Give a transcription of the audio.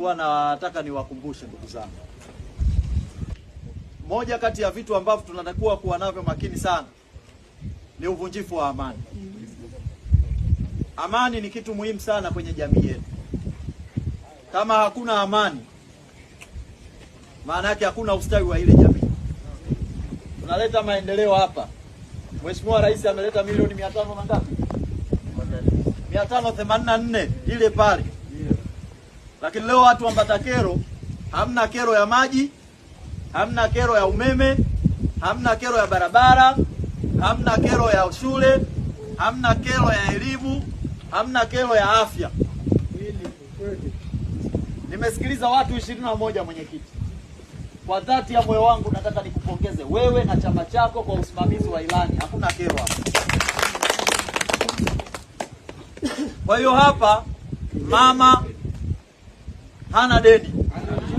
Huwa nataka niwakumbushe ndugu zangu, moja kati ya vitu ambavyo tunatakiwa kuwa navyo makini sana ni uvunjifu wa amani. Amani ni kitu muhimu sana kwenye jamii yetu. Kama hakuna amani, maana yake hakuna ustawi wa ile jamii. Tunaleta maendeleo hapa. Mheshimiwa Rais ameleta milioni mia tano na ngapi? mia tano themanini na nne ile pale lakini leo watu wambata kero, hamna kero ya maji, hamna kero ya umeme, hamna kero ya barabara, hamna kero ya shule, hamna kero ya elimu, hamna kero ya afya. Nimesikiliza watu ishirini na moja mwenyekiti. Kwa dhati ya moyo wangu nataka nikupongeze wewe na chama chako kwa usimamizi wa ilani. Hakuna kero hapa. Kwa hiyo hapa mama hana deni.